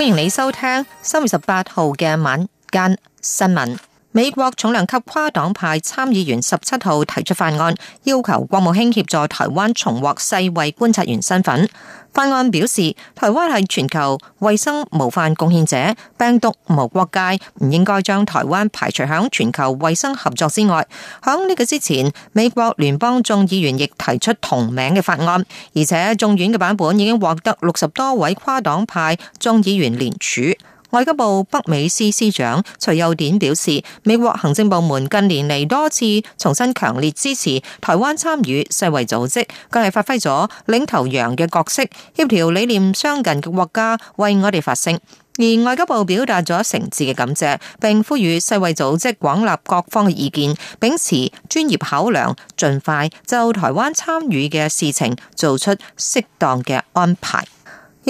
歡迎你收聽三月十八號嘅晚間新聞。美國重量級跨黨派參議員十七號提出法案，要求國務卿協助台灣重獲世衛觀察員身份。法案表示，台灣係全球衛生模範貢獻者，病毒無國界，唔應該將台灣排除響全球衛生合作之外。響呢個之前，美國聯邦眾議員亦提出同名嘅法案，而且眾院嘅版本已經獲得六十多位跨黨派眾議員聯署。外交部北美司司長徐幼典表示，美國行政部門近年嚟多次重申強烈支持台灣參與世衛組織，更係發揮咗領頭羊嘅角色，協調理念相近嘅國家為我哋發聲。而外交部表達咗誠摯嘅感謝，並呼籲世衛組織廣納各方嘅意見，秉持專業考量，盡快就台灣參與嘅事情做出適當嘅安排。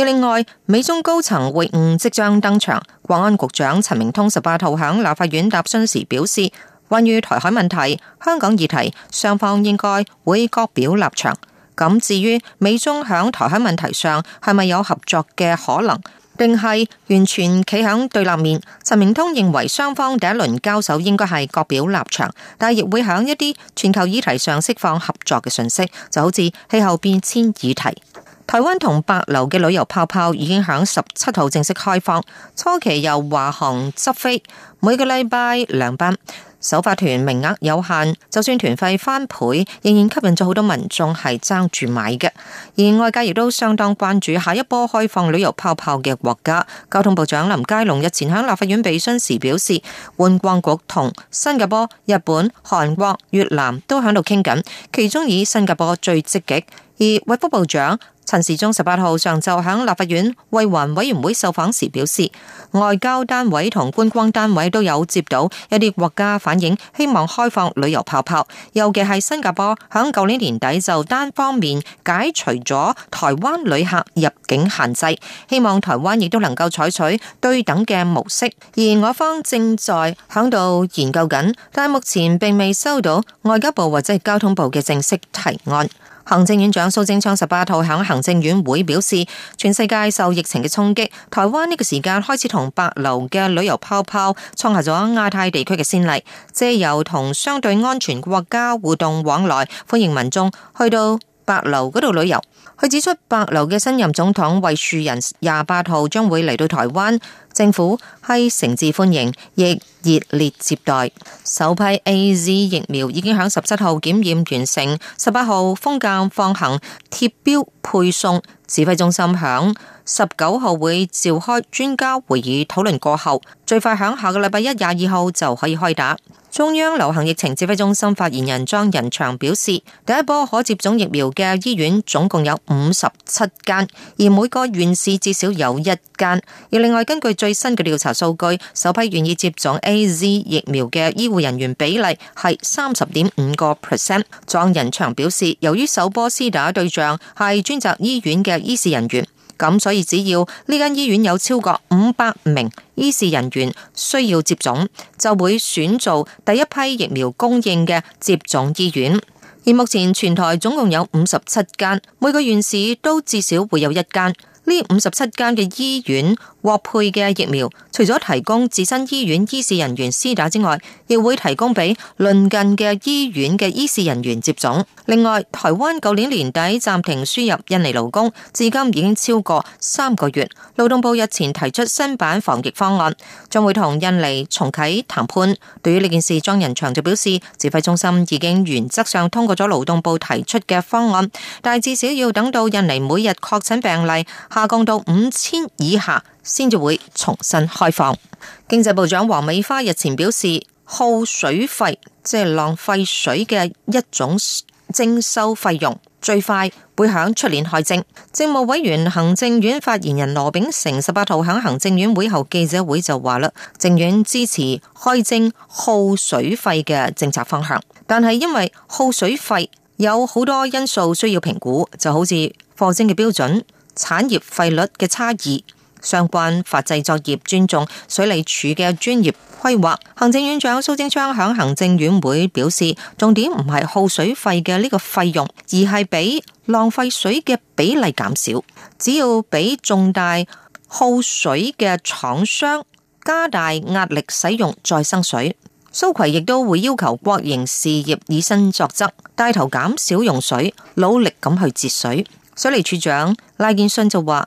另外，美中高層會晤即將登場，國安局長陳明通十八號響立法院答詢時表示，關於台海問題、香港議題，雙方應該會各表立場。咁至於美中響台海問題上係咪有合作嘅可能，定係完全企響對立面，陳明通認為雙方第一輪交手應該係各表立場，但亦會響一啲全球議題上釋放合作嘅訊息，就好似氣候變遷議題。台灣同帛琉嘅旅遊泡泡已經響十七號正式開放，初期由華航執飛，每個禮拜兩班。首發團名額有限，就算團費翻倍，仍然吸引咗好多民眾係爭住買嘅。而外界亦都相當關注下一波開放旅遊泡泡嘅國家。交通部長林佳龍日前喺立法院備詢時表示，觀光局同新加坡、日本、韓國、越南都響度傾緊，其中以新加坡最積極，而衛福部長。陳時中十八號上晝喺立法院衛環委員會受訪時表示，外交單位同觀光單位都有接到一啲國家反映，希望開放旅遊泡泡，尤其係新加坡喺舊年年底就單方面解除咗台灣旅客入境限制，希望台灣亦都能夠採取對等嘅模式，而我方正在響度研究緊，但目前並未收到外交部或者交通部嘅正式提案。行政院長蘇貞昌十八號喺行政院會表示，全世界受疫情嘅衝擊，台灣呢個時間開始同帛琉嘅旅遊泡泡創下咗亞太地區嘅先例，借由同相對安全國家互動往來，歡迎民眾去到帛琉嗰度旅遊。佢指出，帛琉嘅新任總統惠恕仁廿八號將會嚟到台灣。政府係誠摯歡迎，亦熱烈接待。首批 AZ 疫苗已經喺十七號檢驗完成，十八號封鑑放行、貼標配送。指揮中心響十九號會召開專家會議討論過後，最快響下個禮拜一廿二號就可以開打。中央流行疫情指揮中心發言人莊仁祥表示，第一波可接種疫苗嘅醫院總共有五十七間，而每個縣市至少有一間。而另外根據最最新嘅調查數據，首批願意接種 A Z 疫苗嘅醫護人員比例係三十點五個 percent。莊人祥表示，由於首波施打對象係專責醫院嘅醫事人員，咁所以只要呢間醫院有超過五百名醫事人員需要接種，就會選做第一批疫苗供應嘅接種醫院。而目前全台總共有五十七間，每個縣市都至少會有一間。呢五十七間嘅醫院，獲配嘅疫苗，除咗提供自身醫院醫事人員施打之外，亦會提供俾鄰近嘅醫院嘅醫事人員接種。另外，台灣舊年年底暫停輸入印尼勞工，至今已經超過三個月。勞動部日前提出新版防疫方案，將會同印尼重啟談判。對於呢件事，莊人祥就表示，指揮中心已經原則上通過咗勞動部提出嘅方案，但係至少要等到印尼每日確診病例下降到五千以下。先至會重新開放。經濟部長黃美花日前表示，耗水費即係浪費水嘅一種徵收費用，最快會響出年開徵。政務委員、行政院發言人羅秉成十八號響行政院會後記者會就話啦，政院支持開徵耗水費嘅政策方向，但係因為耗水費有好多因素需要評估，就好似課徵嘅標準、產業費率嘅差異。相關法制作業尊重水利署嘅專業規劃。行政院長蘇貞昌響行政院會表示，重點唔係耗水費嘅呢個費用，而係俾浪費水嘅比例減少。只要俾重大耗水嘅廠商加大壓力使用再生水。蘇揆亦都會要求國營事業以身作則，帶頭減少用水，努力咁去節水。水利署長賴建信就話。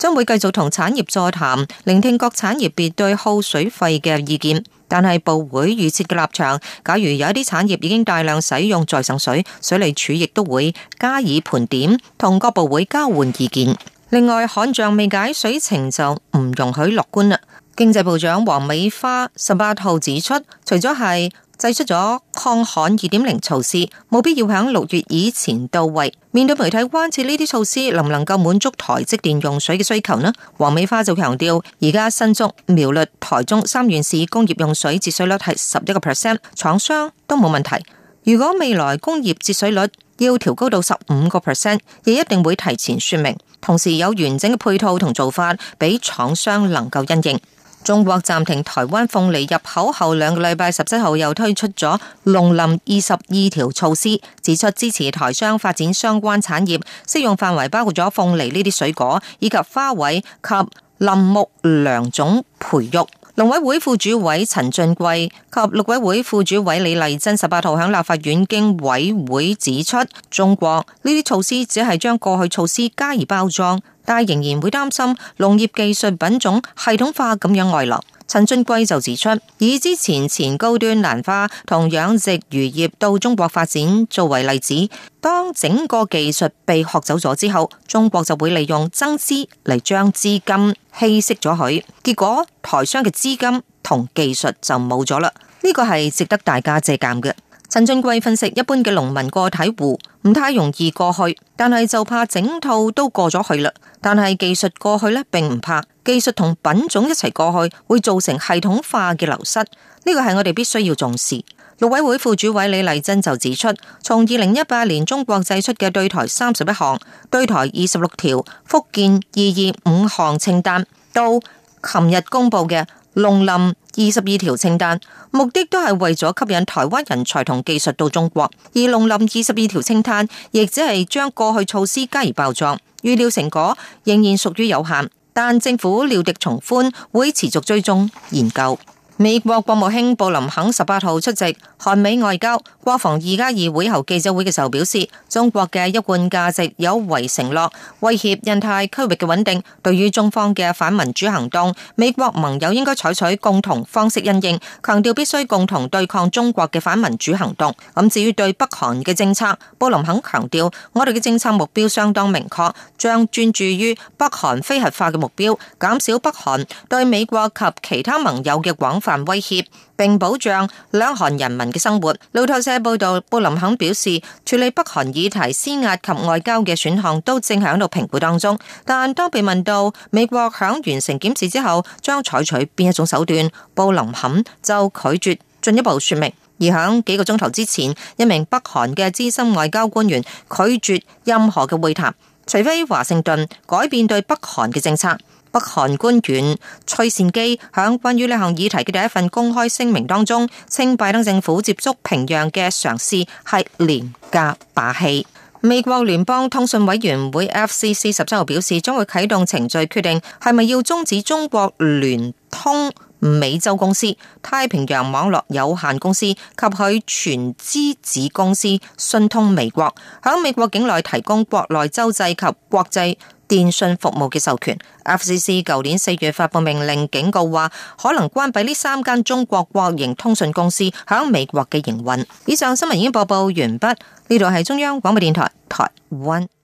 將會繼續同產業座談，聆聽各產業別對耗水費嘅意見。但係部會預設嘅立場，假如有一啲產業已經大量使用再生水，水利署亦都會加以盤點，同各部會交換意見。另外，旱象未解，水情就唔容許樂觀啦。經濟部長黃美花十八號指出，除咗係製出咗抗旱二點零措施，冇必要響六月以前到位。面對媒體關切呢啲措施能唔能夠滿足台積電用水嘅需求呢？黃美花就強調，而家新竹、苗栗、台中三縣市工業用水節水率係十一個 percent，廠商都冇問題。如果未來工業節水率要調高到十五個 percent，亦一定會提前說明，同時有完整嘅配套同做法俾廠商能夠因應。中國暫停台灣鳳梨入口後兩個禮拜，十七號又推出咗《農林二十二條》措施，指出支持台商發展相關產業，適用範圍包括咗鳳梨呢啲水果，以及花卉及林木良種培育。農委會副主委陳俊貴及陸委會副主委李麗珍十八號響立法院經委會指出，中國呢啲措施只係將過去措施加以包裝。但仍然會擔心農業技術品種系統化咁樣外流。陳俊貴就指出，以之前前高端蘭花同養殖漁業到中國發展作為例子，當整個技術被學走咗之後，中國就會利用增資嚟將資金稀釋咗佢，結果台商嘅資金同技術就冇咗啦。呢個係值得大家借鑒嘅。陳俊貴分析，一般嘅農民個體戶唔太容易過去，但係就怕整套都過咗去了。但係技術過去呢，並唔怕。技術同品種一齊過去，會造成系統化嘅流失。呢個係我哋必須要重視。陸委會副主委李麗珍就指出，從二零一八年中國祭出嘅對台三十一項、對台二十六條、福建二二五項清單，到琴日公布嘅農林二十二條清單目的都係為咗吸引台灣人才同技術到中國，而農林二十二條清單亦只係將過去措施加以包裝，預料成果仍然屬於有限，但政府料敵從寬，會持續追蹤研究。美國國務卿布林肯十八號出席韓美外交國防二加二會後記者會嘅時候表示，中國嘅一貫價值有違承諾，威脅印太區域嘅穩定。對於中方嘅反民主行動，美國盟友應該採取共同方式因應，強調必須共同對抗中國嘅反民主行動。咁至於對北韓嘅政策，布林肯強調我哋嘅政策目標相當明確，將專注於北韓非核化嘅目標，減少北韓對美國及其他盟友嘅廣泛。威脅並保障兩韓人民嘅生活。路透社報道，布林肯表示，處理北韓議題施壓及外交嘅選項都正係喺度評估當中。但當被問到美國響完成檢視之後將採取邊一種手段，布林肯就拒絕進一步說明。而響幾個鐘頭之前，一名北韓嘅資深外交官員拒絕任何嘅會談，除非華盛頓改變對北韓嘅政策。北韓官員崔善基喺關於呢項議題嘅第一份公開聲明當中，稱拜登政府接觸平壤嘅嘗試係廉價把戲。美國聯邦通訊委員會 FCC 十七號表示，將會啟動程序，決定係咪要終止中國聯通美洲公司太平洋網絡有限公司及佢全資子公司信通美國，喺美國境內提供國內州際及國際電信服務嘅授權，FCC 舊年四月發佈命令警告話，可能關閉呢三間中國國營通信公司喺美國嘅營運。以上新聞已經播報完畢，呢度係中央廣播電台，台灣。